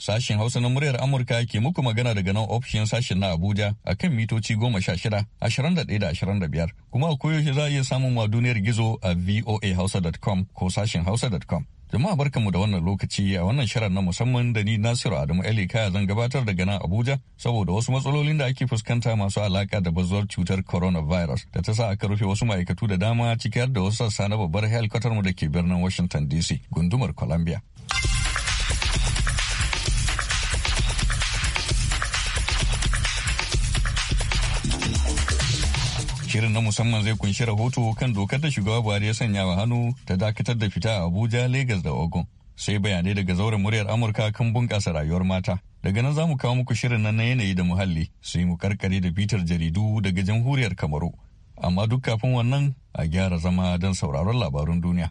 Sashen Hausa na muryar Amurka ke muku magana daga nan ofishin sashen na Abuja a kan mitoci goma sha shida, ashirin da da ashirin da biyar. Kuma a koyaushe za a iya samun ma duniyar gizo a voahausa.com ko sashen hausa.com. Jama'a barkanmu da wannan lokaci a wannan shirin na musamman da ni Nasiru Adamu Ali kaya zan gabatar daga nan Abuja saboda wasu matsalolin da ake fuskanta masu alaka da bazuwar cutar coronavirus da ta sa aka rufe wasu ma'aikatu da dama ciki har da wasu sassa na babbar helikwatar mu da ke birnin Washington DC gundumar Columbia. Shirin na musamman zai kunshi rahoto kan dokar da shugaba Buhari ya sanya wa hannu ta dakatar da fita a Abuja, Legas da Ogun. Sai bayanai daga zauren muryar Amurka kan bunƙasa rayuwar mata. Daga nan za mu kawo muku shirin nan na yanayi da muhalli sai mu karkare da bitar jaridu daga jamhuriyar Kamaru. Amma duk kafin wannan a gyara zama don sauraron labarun duniya.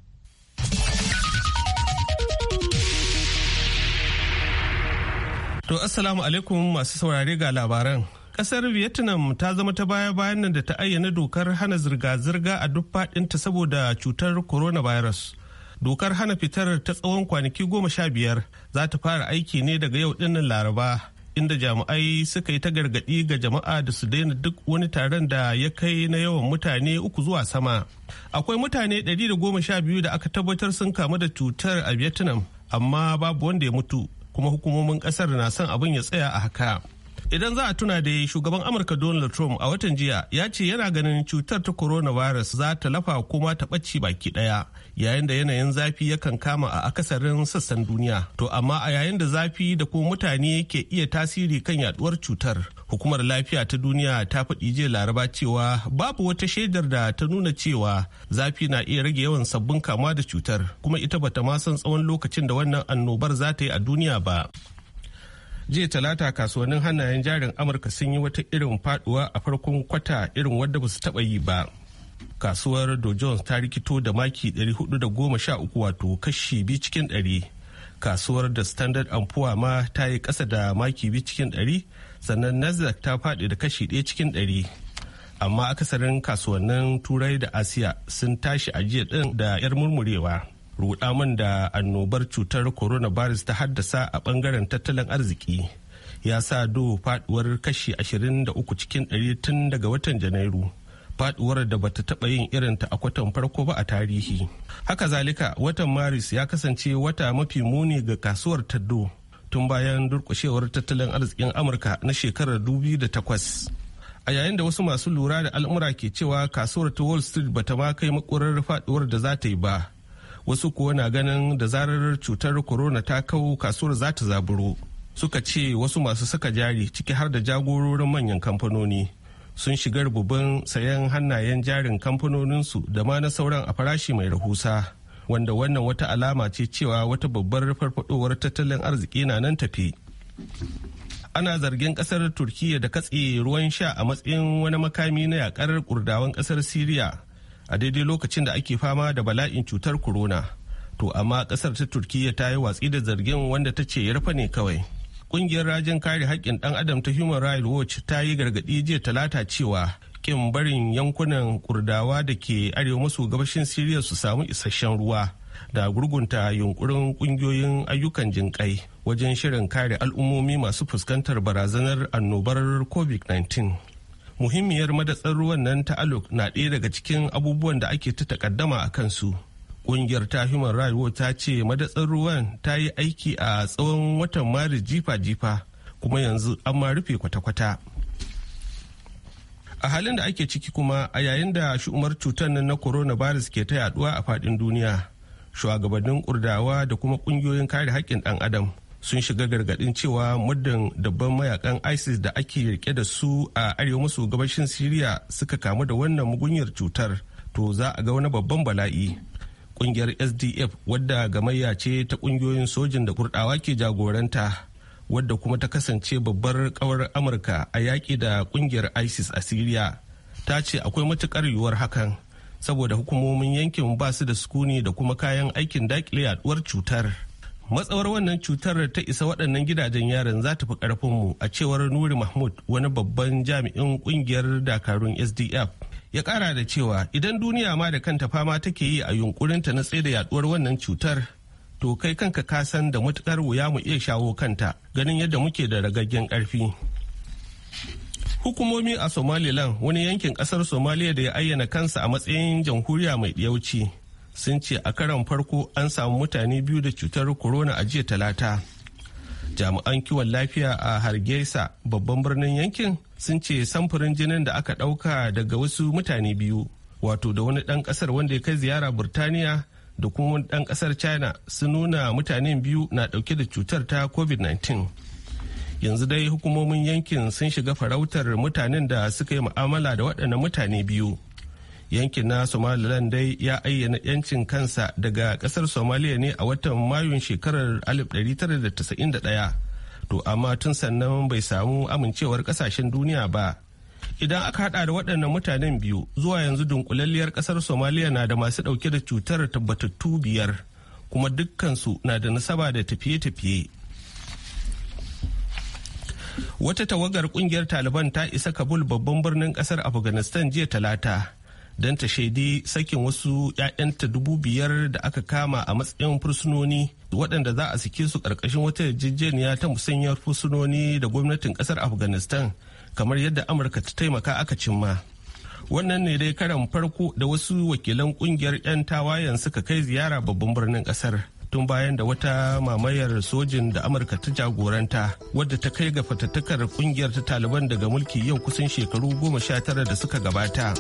To Assalamu alaikum masu saurare ga labaran. Kasar Vietnam ta zama ta baya-bayan nan da ta ayyana dokar hana zirga-zirga a duk faɗinta saboda cutar coronavirus. Dokar hana fitar ta tsawon kwanaki goma sha biyar za ta fara aiki ne daga yau dinnan Laraba, inda jami'ai suka yi ta gargaɗi ga jama'a da su daina duk wani taron da ya kai na yawan mutane uku zuwa sama. Akwai mutane 112 da goma sha biyu da aka tabbatar sun kamu da cutar a Vietnam, amma babu wanda ya mutu, kuma hukumomin kasar na son abin ya tsaya a haka. Idan za a tuna da shugaban Amurka Donald Trump a watan jiya ya ce yana ganin cutar ta coronavirus za ta lafa kuma ta ɓaci baki ɗaya yayin da yanayin zafi yakan kama a akasarin sassan duniya. To amma a yayin da zafi da kuma mutane ke iya tasiri kan yaduwar cutar. Hukumar lafiya ta duniya ta faɗi jiya laraba cewa babu wata shaidar da ta nuna cewa zafi na iya rage yawan sabbin kama da cutar kuma ita bata ma san tsawon lokacin da wannan annobar za ta yi a duniya ba. jiya talata kasuwannin hannayen jarin amurka sun yi wata irin faduwa a farkon kwata irin wadda ba su taba yi ba kasuwar dow jones ta rikito da maki 413 wato kashi bi cikin 100 kasuwar da standard poor ma ta yi kasa da maki bi cikin 100 sannan nasdaq ta faɗi da kashi 1 cikin 100 amma akasarin kasuwannin turai da asiya sun tashi a jiya din da 'yar murmurewa man da annobar cutar virus ta haddasa a bangaren tattalin arziki ya sa do faduwar kashi 23 cikin 100 tun daga watan janairu faduwar da bata taba yin irin ta a kwatan farko ba a tarihi haka zalika watan maris ya kasance wata mafi muni ga kasuwar taddo tun bayan durkushewar tattalin arzikin amurka na shekarar 2008 a yayin da wasu masu lura da al'umura ke cewa kasuwar ta wall street bata ma kai makurar faduwar da za ta yi ba wasu kuwa na ganin da zarar cutar corona ta kau kasuwar za ta zaburo suka ce wasu masu saka jari ciki har da jagororin manyan kamfanoni sun shiga rububin sayan hannayen jarin kamfanoninsu da ma na sauran a farashi mai rahusa wanda wannan wata alama ce cewa wata babbar farfadowar tattalin arziki na nan tafi ana zargin kasar Turkiyya da katse ruwan sha a matsayin wani makami na yakar kurdawan kasar siriya a daidai lokacin da ake fama da bala'in cutar corona to amma kasar ta turkiya ta yi watsi da zargin wanda ta ce yarfa ne kawai kungiyar rajin kare haƙƙin ɗan adam ta human rights watch ta yi gargaɗi jiya talata cewa ƙin barin yankunan kurdawa da ke arewa maso gabashin siriya su samu isasshen ruwa da gurgunta yunkurin kungiyoyin ayyukan jinƙai wajen shirin kare al'ummomi masu fuskantar barazanar annobar covid-19 muhimmiyar madatsar ruwan nan ta aluk na ɗaya daga cikin abubuwan da ake ta takaddama a kansu ƙungiyar ta human rights ta ce madatsar ruwan ta yi aiki a tsawon watan maris jifa-jifa kuma yanzu an ma rufe kwata-kwata a halin da ake ciki kuma a yayin da shu'umar cutar nan na virus ke ta yaduwa a faɗin duniya shugabannin kurdawa da kuma ƙungiyoyin kare haƙƙin ɗan adam sun shiga gargadin cewa muddin dabban mayakan isis da ake rike da su a arewa maso gabashin syria suka kamu da wannan mugunyar cutar to za a ga wani babban bala'i kungiyar sdf wadda gamayya ce ta kungiyoyin sojin da kurdawa ke jagoranta wadda kuma ta kasance babbar kawar amurka a yaƙi da kungiyar isis a syria ta ce akwai matukar yuwar hakan saboda hukumomin yankin ba su da sukuni da kuma kayan aikin daƙile yaduwar cutar matsawar wannan cutar da ta isa waɗannan gidajen yaran za ta fi ƙarfinmu a cewar nuri mahmud wani babban jami'in ƙungiyar dakarun sdf ya ƙara da cewa idan duniya ma da kanta fama take yi a yunkurinta na tsaye da yaduwar wannan cutar to kai kanka ka san da matukar wuya mu iya shawo kanta ganin yadda muke da ragaggen ƙarfi hukumomi a somaliland wani yankin ƙasar somaliya da ya ayyana kansa a matsayin jamhuriya mai ɗiyauci sun ce a karon farko an samu mutane biyu da cutar corona a jiya talata jami'an kiwon lafiya a hargeisa babban birnin yankin sun ce samfurin jinin da aka ɗauka daga wasu mutane biyu wato da wani ɗan ƙasar wanda ya kai ziyara burtaniya da kuma wani ɗan ƙasar china sun nuna mutane biyu na ɗauke da cutar ta covid-19 yanzu dai hukumomin yankin sun shiga farautar mutanen da suka yi mu'amala da waɗannan mutane biyu yankin na somaliland dai ya ayyana yancin kansa daga kasar somaliya ne a watan mayun shekarar 1991 to amma tun sannan bai samu amincewar kasashen duniya ba idan aka hada da waɗannan mutanen biyu zuwa yanzu dunkulalliyar kasar somaliya na da masu ɗauke da cutar tabbatattu biyar kuma dukkansu na da nasaba da tafiye-tafiye wata tawagar kungiyar taliban ta isa kabul babban birnin kasar afghanistan jiya talata don ta shaidi sakin wasu 'ya'yanta dubu biyar da aka kama a matsayin fursunoni waɗanda za a sike su ƙarƙashin wata yarjejeniya ta musanyar fursunoni da gwamnatin ƙasar afghanistan kamar yadda amurka ta taimaka aka cimma wannan ne dai karan farko da wasu wakilan ƙungiyar 'yan tawayen suka kai ziyara babban birnin ƙasar tun bayan da wata mamayar sojin da amurka ta jagoranta wadda ta kai ga fatattakar kungiyar ta taliban daga mulki yau kusan shekaru goma sha tara da suka gabata.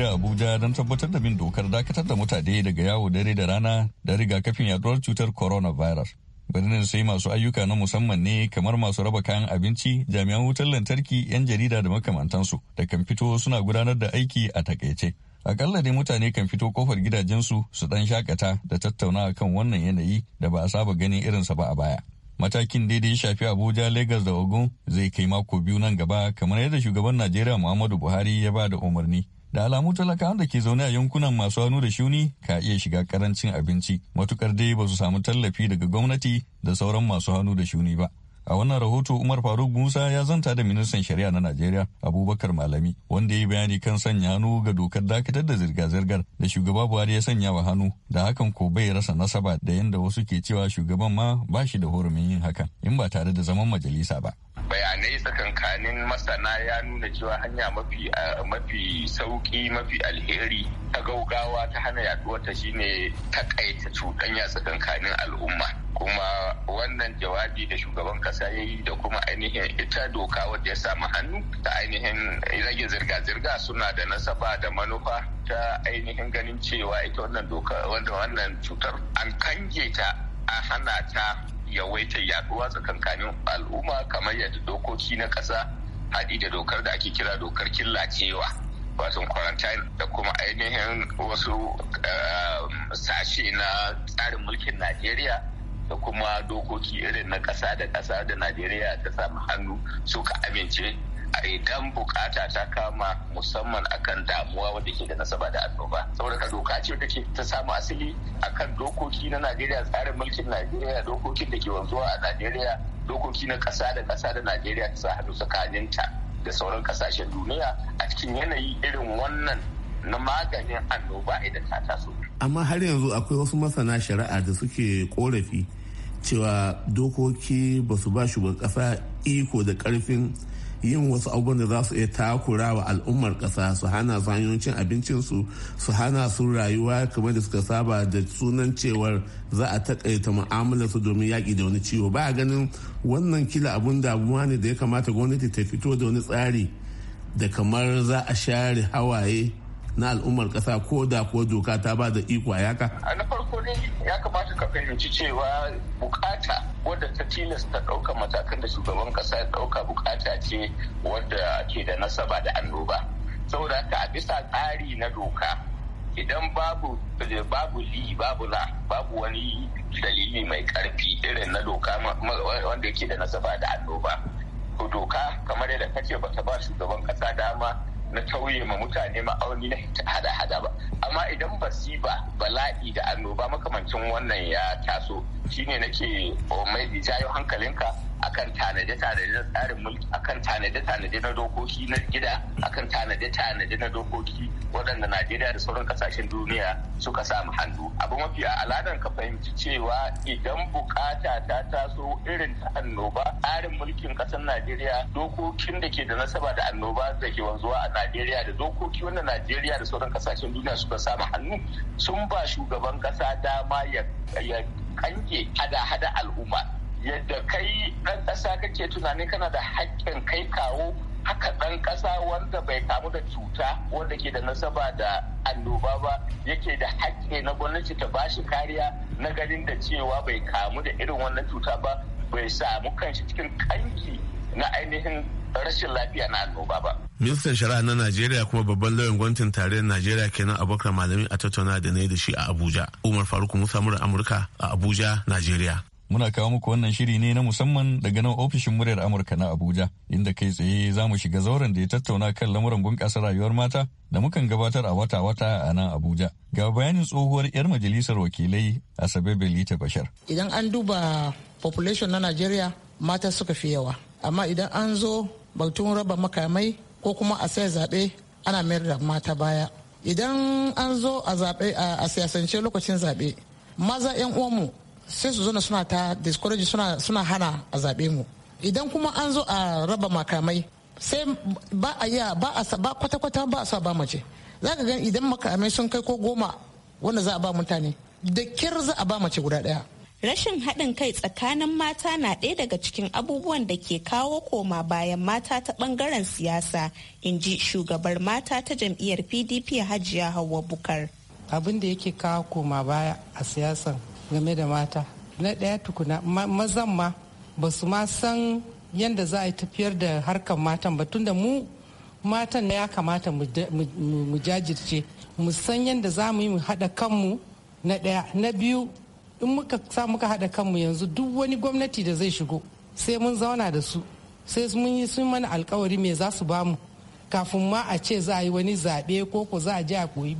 hira Abuja don tabbatar da bin dokar dakatar da mutane daga yawo dare da rana da rigakafin yaduwar cutar coronavirus. Birnin sai masu ayyuka na musamman ne kamar masu raba kayan abinci, jami'an wutar lantarki, 'yan jarida da makamantansu da kan fito suna gudanar da aiki a takaice. Akalla ne mutane kan fito kofar gidajensu su dan shakata da tattauna kan wannan yanayi da ba a saba ganin irinsa ba a baya. matakin daidai shafi abuja lagos da ogun zai kai mako biyu nan gaba kamar yadda shugaban najeriya muhammadu buhari ya ba da umarni da alamu talakawan da ke zaune a yankunan masu hannu da shuni ka iya shiga karancin abinci matukar dai ba su samu tallafi daga gwamnati da sauran masu hannu da shuni ba a wannan rahoto umar faruk musa ya zanta da ministan shari'a na najeriya abubakar malami wanda ya yi bayani kan sanya hannu ga dokar dakatar da zirga-zirgar da shugaba buhari ya sanya wa hannu da hakan ko bai rasa nasaba da yadda wasu ke cewa shugaban ma ba shi da horumin yin hakan in ba tare da zaman majalisa ba bayanai tsakankanin masana ya nuna cewa hanya mafi mafi sauki mafi alheri ta gaugawa ta hana yaduwar ta shine takaita cuɗanya tsakankanin al'umma kuma wannan jawabi da shugaban kasa ya yi da kuma ainihin ita doka wadda ya samu hannu ta ainihin rage zirga-zirga suna da nasaba da manufa ta ainihin ganin cewa ita wannan doka wanda wannan cutar an kange ta a hana ta yawaita yaduwa tsakankanin al'umma kamar yadda dokoki na ƙasa haɗi da dokar da ake kira dokar killacewa wato quarantine da kuma ainihin wasu um, sashe na tsarin mulkin najeriya da kuma dokoki irin na ƙasa da ƙasa da najeriya ta samu hannu suka amince idan bukata ta kama musamman akan damuwa wanda ke da nasaba da annoba saboda ka doka ce ke ta samu asali akan dokoki na Najeriya tsarin mulkin Najeriya dokokin da ke wanzuwa a Najeriya dokoki na kasa da kasa da Najeriya ta sa hannu tsakaninta da sauran kasashen duniya a cikin yanayi irin wannan na maganin annoba idan ta taso. Amma har yanzu akwai wasu masana shari'a da suke korafi cewa dokoki ba su ba shugaban ƙasa iko da karfin yin wasu abubuwan da za su iya takura wa al'ummar kasa su hana su cin abincinsu su hana su rayuwa kamar da suka saba da sunan cewar za a takaita mu'amalar domin yaƙi da wani ciwo ba ganin wannan kila abun damuwa ne da ya kamata gwamnati ta fito da wani tsari da kamar za a share hawaye na al'ummar kasa ko da ko doka ta ba da iko a yaka. na farko ne ya kamata ka fahimci cewa bukata wadda ta tilasta ɗauka matakan da shugaban ƙasa ya ɗauka bukata ce wadda ke da nasaba da annoba saboda haka a bisa tsari na doka idan babu babu li babu la babu wani dalili mai karfi irin na doka wanda yake da nasaba da annoba doka kamar yadda kace bata ba shugaban ƙasa dama na tauye ma mutane ma'auni na hada-hada ba amma idan ba bala'i da annoba makamancin wannan ya taso shine nake oh, mai jayo hankalinka akan tanade-tanade na tsarin mulki akan tanade-tanade na dokoki na gida akan tanade-tanade na dokoki waɗanda najeriya da sauran kasashen duniya suka samu hannu abu mafi aladan ka fahimci cewa idan bukata ta taso irin ta annoba tsarin mulkin ƙasar najeriya dokokin da ke da nasaba da annoba da ke wanzuwa a najeriya da dokoki wanda najeriya da sauran kasashen duniya suka samu hannu sun ba shugaban ƙasa dama ya kanke hada-hada al'umma yadda kai ɗan ƙasa kake tunanin kana da haƙƙin kai kawo haka ɗan ƙasa wanda bai kamu da cuta wanda ke da nasaba da annoba ba yake da haƙƙi na gwamnati ta bashi kariya na ganin da cewa bai kamu da irin wannan cuta ba bai samu kanshi cikin kanki na ainihin rashin lafiya na annoba ba. Ministan Shari'a na Najeriya kuma babban lauyan gwamnatin tarayyar Najeriya kenan abokan malami a tattauna da na da shi a Abuja. Umar Faruk Musa Amurka a Abuja, Najeriya. Muna kawo muku wannan shiri ne na musamman daga nan ofishin muryar Amurka na Abuja, inda kai tsaye za mu shiga zauren da ya tattauna kan lamuran bunƙasa rayuwar mata da mukan gabatar a wata-wata a nan Abuja. Ga bayanin tsohuwar 'yar majalisar wakilai a Asabe Belita Bashar. Idan an duba population na Najeriya mata suka fi yawa, amma idan an zo batun raba makamai ko kuma a sai zaɓe ana mayar da mata baya. Idan an zo a zaɓe a siyasance lokacin zaɓe, maza 'yan uwanmu sai su zona suna ta discourage suna suna hana a zaɓe mu idan kuma an zo a raba makamai sai ba a yi ba a ba kwata-kwata ba a sa ba mace za ka gan idan makamai sun kai ko goma wanda za a ba mutane da kyar za a ba mace guda ɗaya rashin haɗin kai tsakanin mata na ɗaya daga cikin abubuwan da ke kawo koma bayan mata ta ɓangaren siyasa in ji shugabar mata ta jam'iyyar pdp hajiya hawa bukar abin da yake kawo koma baya a siyasan game da mata na ɗaya tukuna mazan ma ba su ma san yadda za a yi tafiyar da harkar matan ba tunda mu matan ya kamata mu jajirce mu san yadda za mu yi mu haɗa kanmu na ɗaya na biyu in muka sa muka haɗa kanmu yanzu duk wani gwamnati da zai shigo sai mun zauna da su sai mun yi sun mana alkawari me za su bamu kafin ma a ce za a yi wani zaɓe ko ko za a je a koyi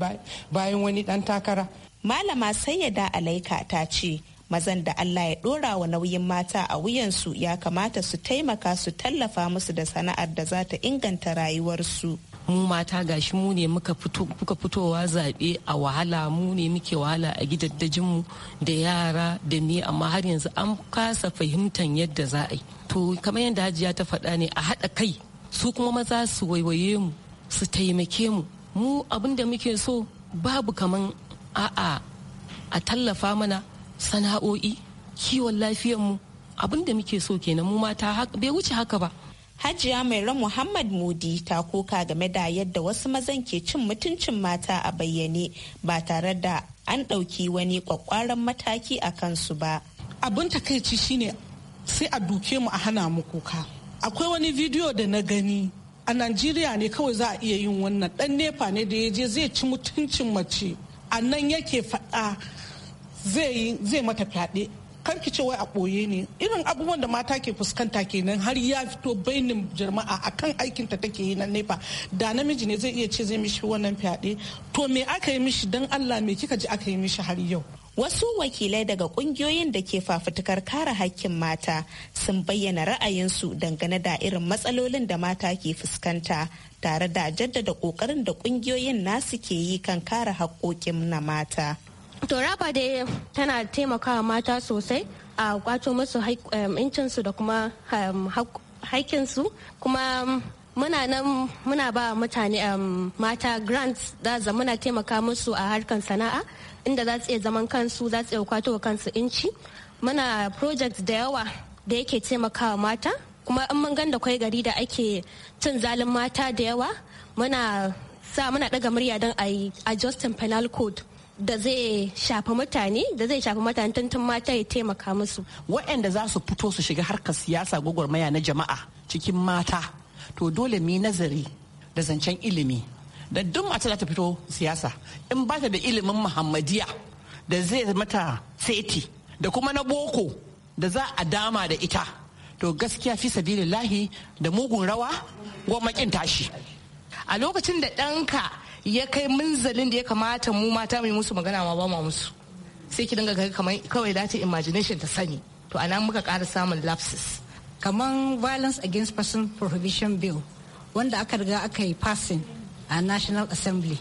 bayan wani ɗan takara Malama Sayyada Alaika ta ce, mazan da Allah ya ɗora wa nauyin mata a wuyansu ya kamata su taimaka su tallafa musu da sana'ar da za ta inganta rayuwarsu. mu mata gashi mu ne muka fitowa zaɓe a wahala mu ne muke wahala a gidaddajinmu da yara da me amma har yanzu an kasa fahimtar yadda za a yi to kamar yadda hajiya ta faɗa ne a haɗa kai su kuma maza su waiwaye mu su taimake mu mu abin da muke so babu kaman a'a a tallafa mana sana'o'i kiwon mu abin da muke so kenan mu mata bai wuce haka ba Hajiya mai ran Muhammad Modi ta koka game da yadda wasu mazan ke cin mutuncin mata a bayyane ba tare da an ɗauki wani kwakwaran mataki a kansu ba. Abin takaici shine sai a duke mu a hana mu kuka. Akwai wani bidiyo da na gani a Najeriya ne kawai za a iya yin wannan dan nepa ne da ya je zai ci mutuncin mace a nan yake faɗa zai mata fyaɗe karki ce wai a ɓoye ne irin abubuwan da mata ke fuskanta kenan har ya fito bainin jama'a akan aikin ta take yi na nefa da namiji ne zai iya ce zai mishi wannan fyaɗe to me aka yi mishi dan Allah me kika ji aka yi mishi har yau Wasu wakilai daga kungiyoyin da ke fafutukar kare hakkin mata sun bayyana ra'ayinsu dangane da irin matsalolin da mata ke fuskanta tare da jaddada ƙoƙarin da kungiyoyin nasu ke yi kan kare haƙoƙin na mata. To raba da tana taimakawa mata sosai a kwato musu su da kuma haƙƙinsu kuma muna nan muna ba mutane um, mata grants da muna taimaka musu a harkar sana'a inda za su iya zaman kansu za su iya kwato kansu inci muna project da yawa da yake taimakawa mata kuma in mun ganda kwai gari da ake cin zalin mata da yawa muna sa muna daga murya don a yi adjusting penal code da zai shafi mutane da zai shafi mutane tuntun mata ya taimaka musu waɗanda za su fito su shiga harkar siyasa gwagwarmaya na jama'a cikin mata to dole mu nazari da zancen ilimi da duk mace za ta fito siyasa in ba ta da ilimin muhammadiya da zai mata seti da kuma na boko da za a dama da ita to gaskiya fi sabilillahi da mugun rawa gwamnatin tashi a lokacin da ɗanka ya kai munzalin da ya kamata mu mata mai musu magana ma ba ma musu sai ki dinga kamar kawai dace imagination ta sani to anan muka kara samun lapses kamar violence against person prohibition bill wanda aka riga aka yi passing a national assembly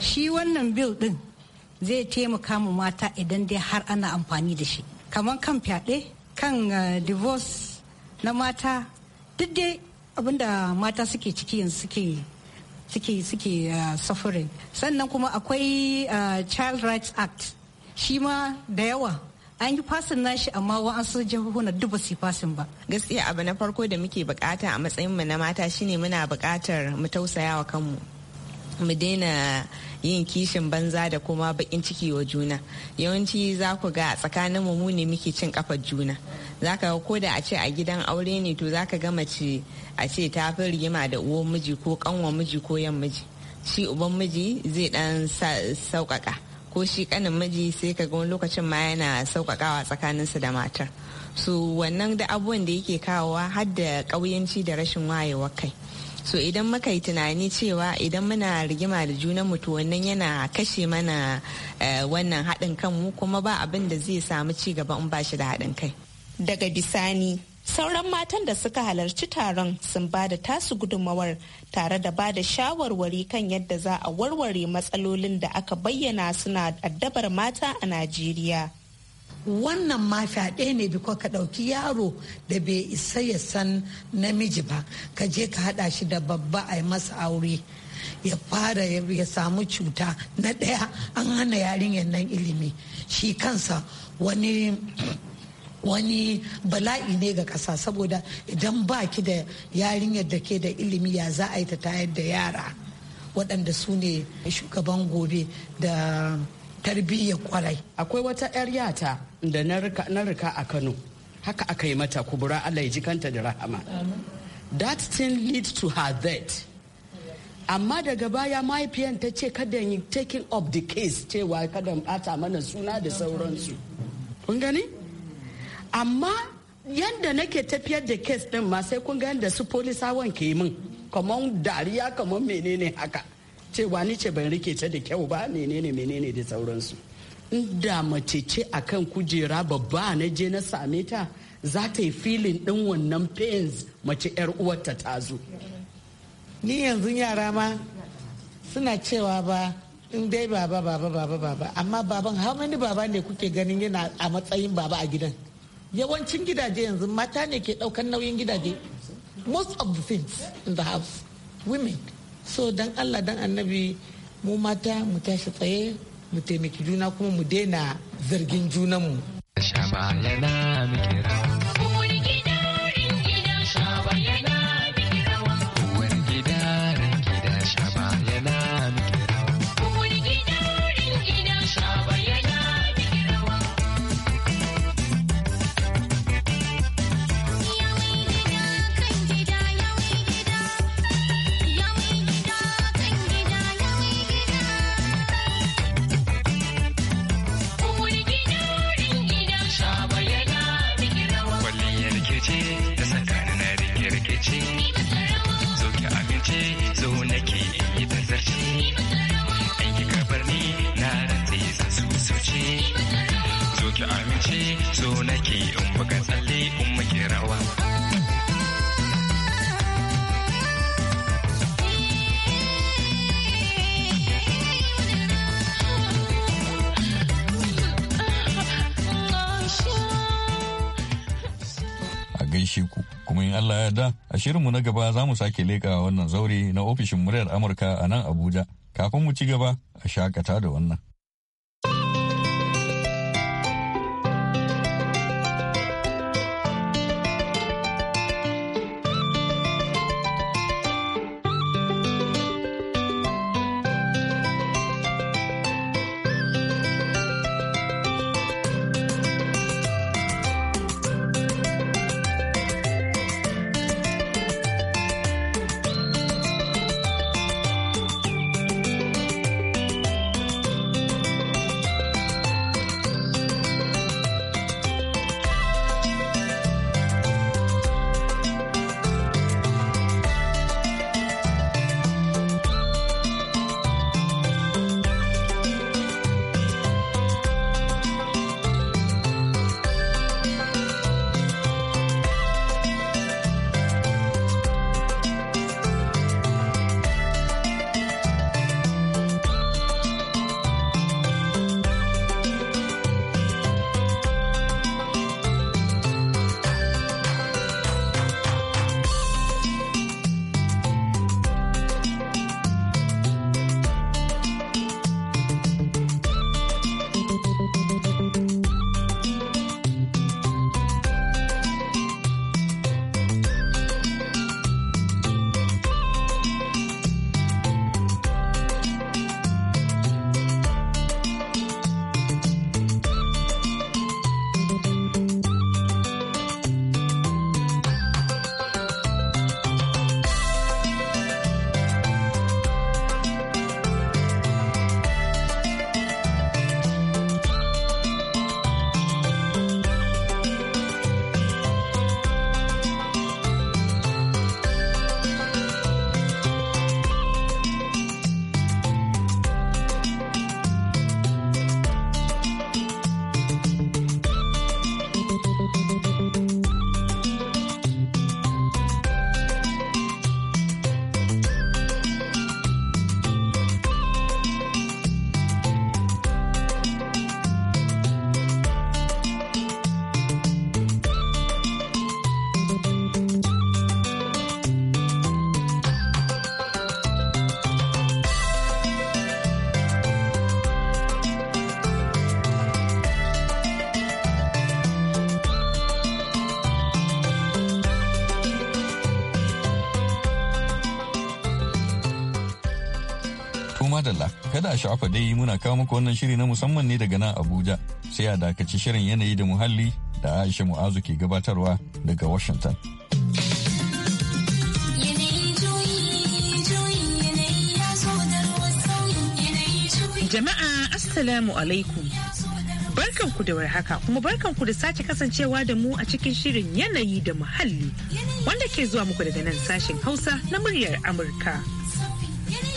shi wannan bill din zai taimaka mu mata idan dai har ana amfani da shi kamar kan fyaɗe kan eh, divorce na mata duk dai abinda mata suke ciki yanzu suke suke suke eh, suffering sannan kuma akwai eh, child rights act shi ma da yawa an yi fasin nashi amma wa'ansu jihohunan duk ba su yi fasin ba gaskiya abu na farko da muke bukata a matsayin mu na mata shine muna bukatar mu tausaya wa kanmu mu daina yin kishin banza da kuma bakin ciki wa juna yawanci za ku ga tsakanin mu ne muke cin kafar juna za ka ga koda a ce a gidan aure ne to za ka ga mace a ce ta fi rigima da uwan miji ko kanwa miji ko yan miji shi uban miji zai dan sauƙaƙa ko shi kanin miji sai ka ga wani lokacin ma yana sauƙaƙawa tsakaninsu da matar so wannan da abubuwan da yake kawowa har da ƙauyanci da rashin wayewar kai so idan muka yi tunani cewa idan muna rigima da junan mutu wannan yana kashe mana eh, wannan haɗin kanmu kuma ba abin da zai samu ci gaba in ba shi da haɗin kai daga bisani Sauran matan da suka halarci taron sun ba da tasu gudummawar tare da ba da shawarwari kan yadda za a warware matsalolin da aka bayyana suna addabar mata a Najeriya. wannan ma fyaɗe ne biko ka ɗauki yaro da bai isa ya san namiji ba ka je ka haɗa shi da babba a masa aure ya fara ya samu cuta na ɗaya an hana yarinyar nan ilimi shi kansa wani wani bala'i ne ga ƙasa saboda idan baki da yarinyar da ke da ilimi ya za a yi ta tayar da yara waɗanda su ne shugaban gobe da tarbiyyar kwarai akwai wata 'yar yata da na rika a kano haka aka yi mata kubura allah ya ji da rahama that thing lead to her death amma daga baya mahaifiyan ta ce kada yi taking up the case cewa kada bata mana suna da sauransu kun gani amma yadda nake tafiyar da kes din ma sai kun ga yadda su polisawan ke min kamar dariya kamar menene haka cewa ni ce ban rike ta da kyau ba menene menene da sauransu inda mace ce akan kujera babba na je na same ta za ta yi filin din wannan pains mace yar uwarta ta zo ni yanzu yara ma suna cewa ba in dai baba baba baba baba amma baban how many baba ne kuke ganin yana a matsayin baba a gidan yawancin gidaje yanzu mata ne ke ɗaukan nauyin gidaje most of the things in the house women so dan allah dan annabi mu mata mu tashi tsaye mu taimaki juna kuma mu daina zargin junanmu. mu. ki amince so nake in buga tsalle in muke rawa ku kuma in Allah ya da a shirinmu na gaba za mu sake leka wannan zaure na ofishin muryar Amurka a nan Abuja kafin mu ci gaba a shakata da wannan. Kada a shafa dai muna kawo muku wannan shiri na musamman ne daga nan Abuja sai a dakaci shirin yanayi da muhalli da Aisha Mu'azu ke gabatarwa daga Washington. Jama'a Assalamu alaikum. Barkanku da warhaka kuma ku da sake kasancewa da mu a cikin shirin yanayi da muhalli wanda ke zuwa muku daga nan sashen Hausa na muryar Amurka.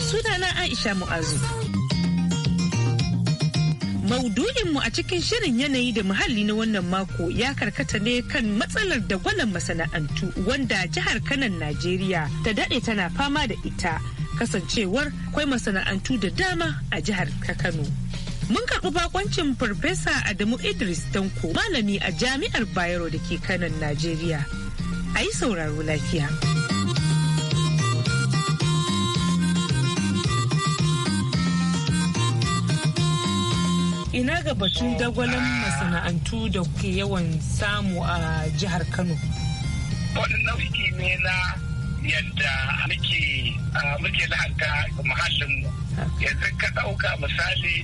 Sunana Aisha Mu'azu. mu a cikin shirin yanayi da muhalli na wannan mako ya karkata ne kan matsalar da dagwalon masana'antu wanda jihar Kanan Najeriya ta daɗe tana fama da ita kasancewar kwai masana'antu da dama a jihar Kano. Mun karɓi bakoncin Farfesa Adamu Idris Danko malami a Jami'ar Bayero da ke Kanan Najeriya. A yi sauraro lafiya. ina ga batun dagwalon masana'antu da ke yawan samu a jihar kano wani nau'i ne na yadda muke muke lahanta muhallinmu yanzu ka ɗauka misali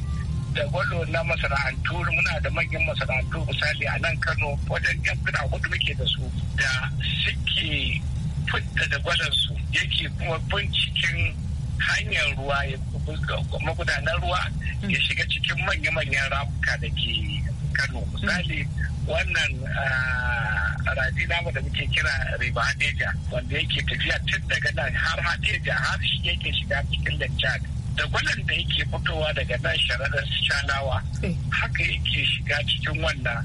da gwalo na masana'antu muna da manyan masana'antu misali a nan kano wajen yan guda hudu muke da su da suke fitta da su yake kuma binciken hanyar ruwa ya magudanar ruwa ya hmm. shiga cikin manya-manyan ramuka da ke kano hmm. misali wannan ah, rafi wanda da muke kira riba hadeja wanda yake tafiya tun daga nan har hadeja har shi yake shiga cikin lantarki da gwalan da yake fitowa daga nan sharaɗar shanawa eh. haka yake shiga cikin wannan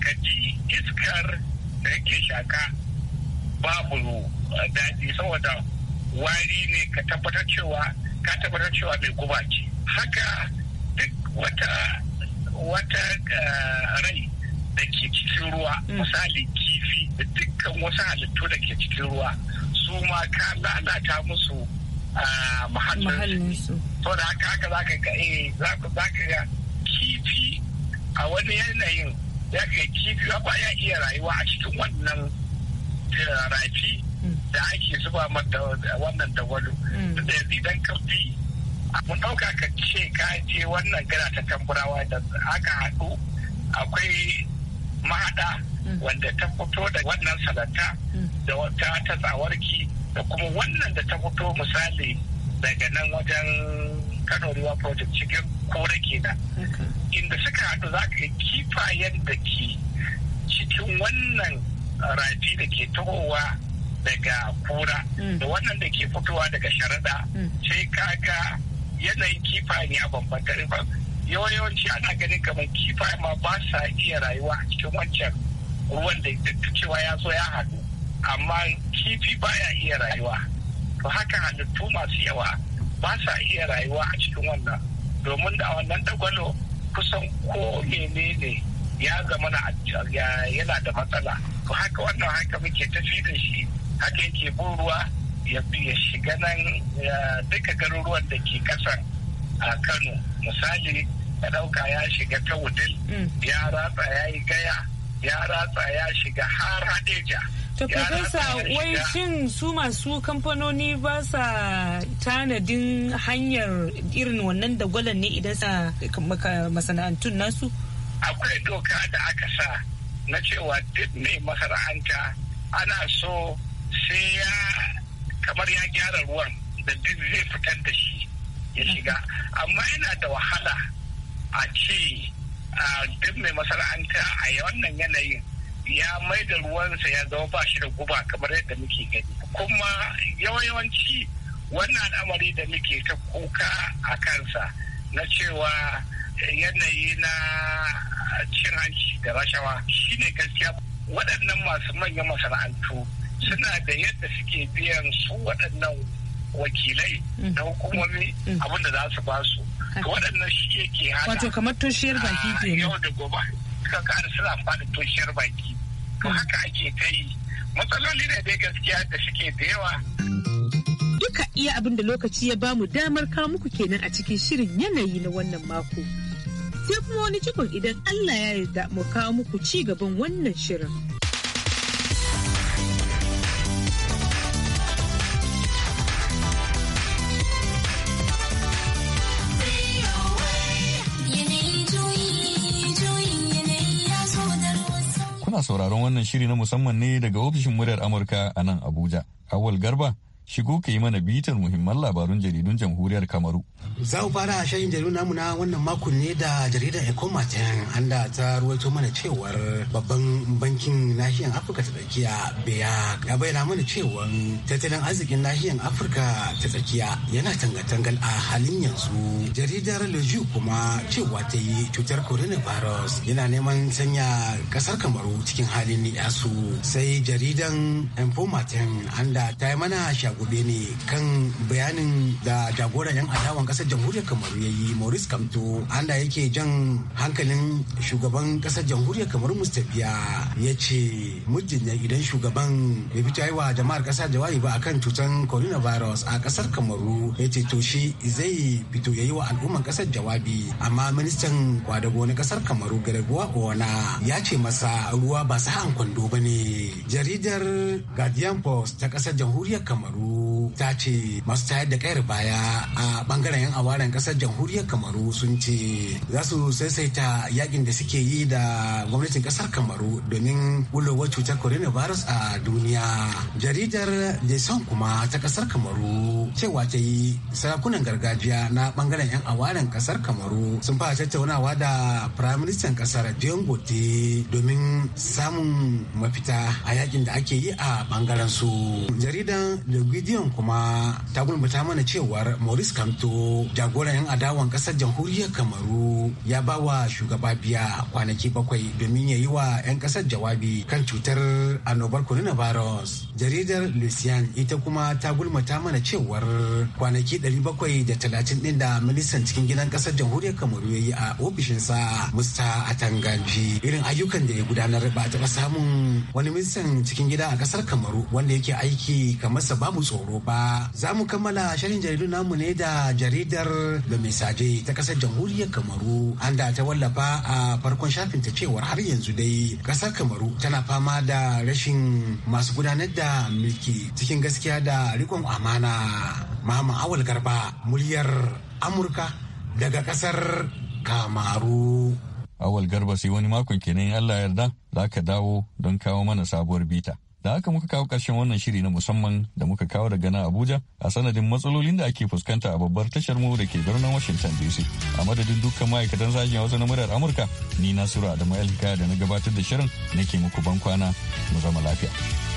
kaji iskar da yake shaka babu daɗi saboda wari ne ka tabbatar cewa ka tabbatar cewa mai guba ce haka duk wata wata eh, rai da ke cikin ruwa mm. misali kifi da dukkan wasu halittu da ke cikin ruwa su ma ka lalata musu eh, su. to da haka haka za ka ga eh, ga kifi a wani yanayin ya ka kifi ba ya iya rayuwa a cikin wannan rafi da ake zuba mata wannan dawalu mm. duk da idan ka bi mun ɗauka ka ce ka je wannan gara ta tamburawa da aka haɗu akwai mahaɗa mm. wanda ta fito da wannan salata mm. da wata ta tsawarki da kuma wannan da ta fito misali daga nan wajen kano riwa project cikin kore kenan inda suka haɗu za ka yi kifayen da ke cikin wannan rafi da ke tahowa daga kura mm. da wannan da ke fitowa daga sharaɗa mm. sai kaga yanayin kifayen ne a bambanta yawanci ana ganin kamar kifayen ma ba sa iya rayuwa a cikin wancan ruwan da cewa ya zo ya haɗu amma kifi ba ya iya rayuwa to haka halittu masu yawa ba sa iya rayuwa a cikin wannan domin da wannan dagwalo kusan ko menene ya zama na yana da matsala to haka wannan haka muke tafi da shi haka yake bin ruwa ya shiga nan duka garuruwan da ke kasan a kano misali ya ɗauka ya shiga ta wudil mm. ya ratsa ya yi gaya ya ratsa ya shiga har hadeja To Profesa wai shin su masu kamfanoni ba sa tanadin hanyar irin wannan dagwalon ne idan sa masana'antun nasu? akwai doka da aka sa na cewa duk mai masana'anta ana so sai ya kamar ya gyara ruwan da duk zai fitar da shi ya shiga amma yana da wahala a ce duk mai masana'anta a wannan yanayin ya mai da ruwansa ya zama ba shi da guba kamar yadda muke gani kuma yawanci wannan al'amari da muke ta kuka a kansa na cewa yanayi na cin hanci da rashawa shine gaskiya waɗannan masu manyan masana'antu suna da yadda suke biyan su waɗannan wakilai mm. na hukumomi mm. abinda za su ba su waɗannan shi yake hana wato kamar toshiyar baki ke yau da gobe suka ƙara suna fada toshiyar baki to mm. haka ake ta yi matsaloli ne dai gaskiya da suke da yawa duka iya abin da lokaci ya bamu damar kawo muku kenan a cikin shirin yanayi na wannan mako. sai kuma wani cikon idan Allah ya yarda mu kawo muku ci gaban wannan shirin. Kuna sauraron wannan shiri na musamman ne daga ofishin muryar Amurka a nan Abuja. Awal Garba, shigo ka yi mana bitar muhimman labarun jaridun jamhuriyar Kamaru. Za mu fara shayin jaridu namu na wannan makon ne da jaridar Ecomatin an da ta ruwaito mana cewar babban bankin nahiyar Afirka ta tsakiya biya ya bayyana mana cewar tattalin arzikin nahiyar Afirka ta tsakiya yana tangatangal a halin yanzu. Jaridar lejiu kuma cewa ta yi cutar coronavirus yana neman sanya kasar Kamaru cikin halin ni'yasu sai jaridan ecomatin an da ta yi mana shagube ne kan bayanin da jagoran 'yan adawan kasar jamhuriyar kamaru ya yi maurice kamto anda yake jan hankalin shugaban kasar jamhuriyar kamaru mustafiya ya ce ya idan shugaban ya fita yi wa jama'ar kasa jawabi ba akan cutar coronavirus a kasar kamaru ya ce to shi zai fito ya yi wa al'umman kasar jawabi amma ministan kwadago na kasar kamaru garaguwa wana ya ce masa ruwa ba sa'an kwando ba ne jaridar guardian post ta kasar jamhuriyar kamaru ta ce masu tayar da kayar baya a bangaren yan awaren kasar jamhuriyar kamaru sun ce za su saisaita yakin da suke yi da gwamnatin kasar kamaru domin bulowar cutar coronavirus a duniya jaridar jason kuma ta kasar kamaru cewa ta yi sarakunan gargajiya na bangaren yan awaren kasar kamaru sun fara tattaunawa da firaministan kasar dion domin samun mafita a yakin da ake yi a bangaren su jaridan da gidiyon. kuma ta gulmata mana cewar Maurice Kamto jagoran 'yan adawan kasar jamhuriyar Kamaru ya ba wa shugaba biya kwanaki bakwai domin ya yi wa 'yan kasar jawabi kan cutar annobar coronavirus. Jaridar Lucian ita kuma ta gulmata mana cewar kwanaki 730 din da ministan cikin gidan kasar jamhuriyar Kamaru ya yi a ofishinsa Musta Atanganji irin ayyukan da ya gudanar ba a taɓa samun wani ministan cikin gida a kasar Kamaru wanda yake aiki kamar sa babu tsoro ba Za mu kammala shirin jaridu namu ne da jaridar da Lumisade ta kasar jamhuriyar Kamaru. An da ta wallafa a farkon shafin ta cewar har yanzu dai kasar Kamaru tana fama da rashin masu gudanar da mulki cikin gaskiya da rikon amana. Mama Awal Garba muryar Amurka daga kasar Kamaru. Awal Garba sai wani makon kenan Allah yarda za ka dawo don kawo mana sabuwar bita. Da haka muka kawo ƙarshen wannan shiri na musamman da muka kawo daga nan Abuja a sanadin matsalolin da ake fuskanta a babbar tashar mu da ke birnin Washington DC. A madadin dukkan ma'aikatan sashen Hausa na muryar Amurka, ni Nasiru Adamu Alhikaya da na gabatar da shirin nake muku ban kwana mu zama lafiya.